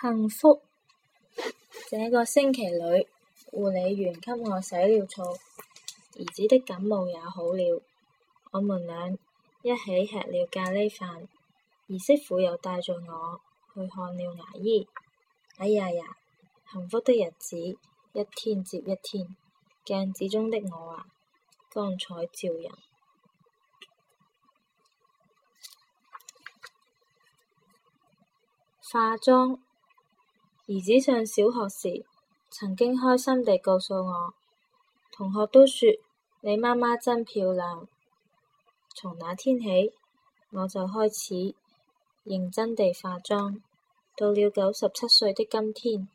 幸福！這個星期裏，護理員給我洗了澡，兒子的感冒也好了。我們兩一起吃了咖喱飯，兒媳婦又帶着我去看了牙醫。哎呀呀！幸福的日子一天接一天，鏡子中的我啊，光彩照人，化妝。兒子上小學時，曾經開心地告訴我：同學都說你媽媽真漂亮。從那天起，我就開始認真地化妝。到了九十七歲的今天，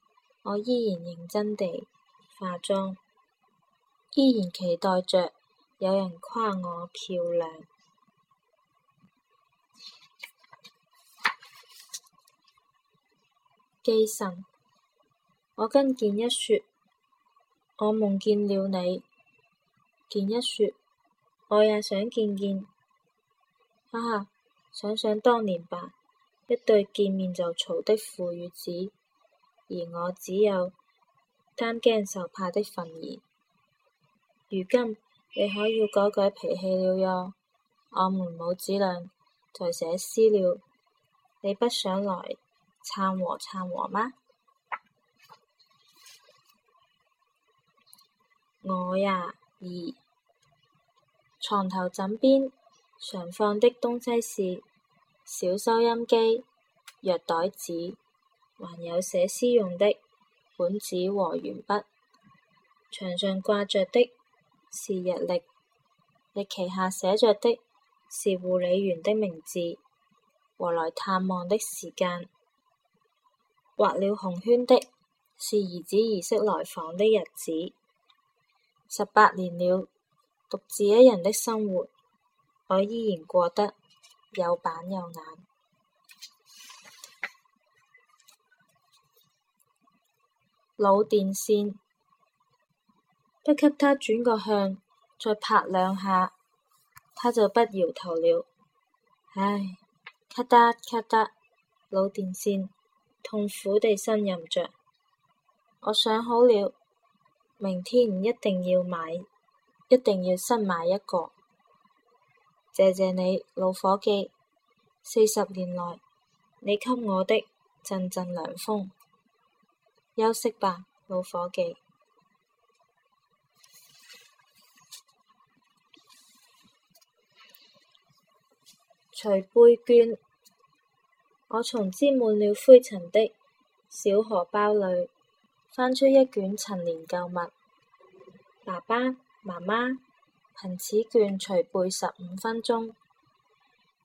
我依然認真地化妝，依然期待着有人誇我漂亮。寄神，我跟健一說，我夢見了你。健一說，我也想見見。哈、啊、哈，想想當年吧，一對見面就吵的父與子，而我只有擔驚受怕的份兒。如今，你可要改改脾氣了喲。我們母子倆在寫詩了，你不想來？參和參和嗎？我呀，二床頭枕邊常放的東西是小收音機、藥袋子，還有寫詩用的本子和鉛筆。牆上掛着的是日曆，日曆下寫着的是護理員的名字，和來探望的時間。畫了紅圈的，是兒子兒媳來訪的日子。十八年了，獨自一人的生活，我依然過得有板有眼。老電線，不給他轉個向，再拍兩下，他就不搖頭了。唉，咔嗒咔嗒，老電線。痛苦地呻吟着，我想好了，明天一定要買，一定要新買一個。謝謝你，老伙計，四十年來你給我的陣陣涼風。休息吧，老伙計。徐杯娟。我從沾滿了灰塵的小荷包裏翻出一卷陳年舊物，爸爸、媽媽，憑此卷捶背十五分鐘，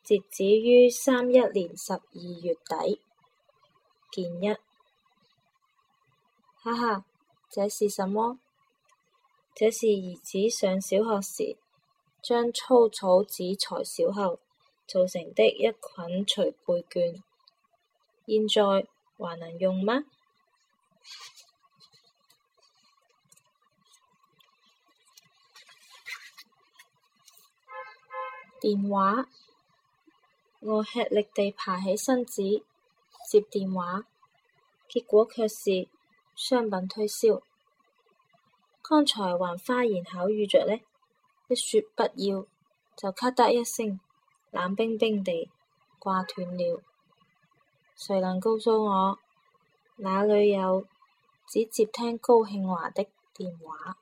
截止於三一年十二月底。見一，哈哈，這是什麼？這是兒子上小學時將粗草紙裁小後做成的一捆捶背卷。現在還能用嗎？電話，我吃力地爬起身子接電話，結果卻是商品推銷。剛才還花言巧語着呢，一説不要，就咔嗒一聲，冷冰冰地掛斷了。誰能告訴我，哪裏有只接聽高慶華的電話？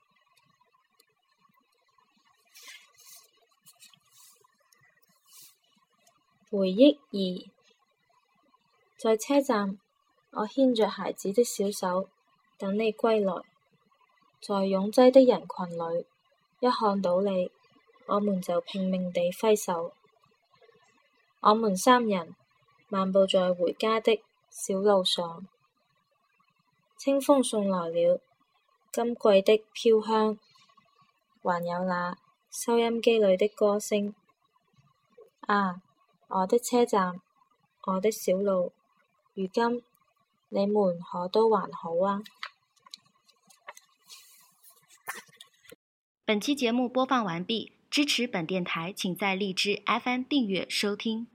回憶二，在車站，我牽着孩子的小手，等你歸來。在擁擠的人群裡，一看到你，我們就拼命地揮手。我們三人。漫步在回家的小路上，清風送來了金桂的飄香，還有那收音機裏的歌聲。啊，我的車站，我的小路，如今你們可都還好啊。本期節目播放完畢，支持本電台請在荔枝 FM 訂閱收聽。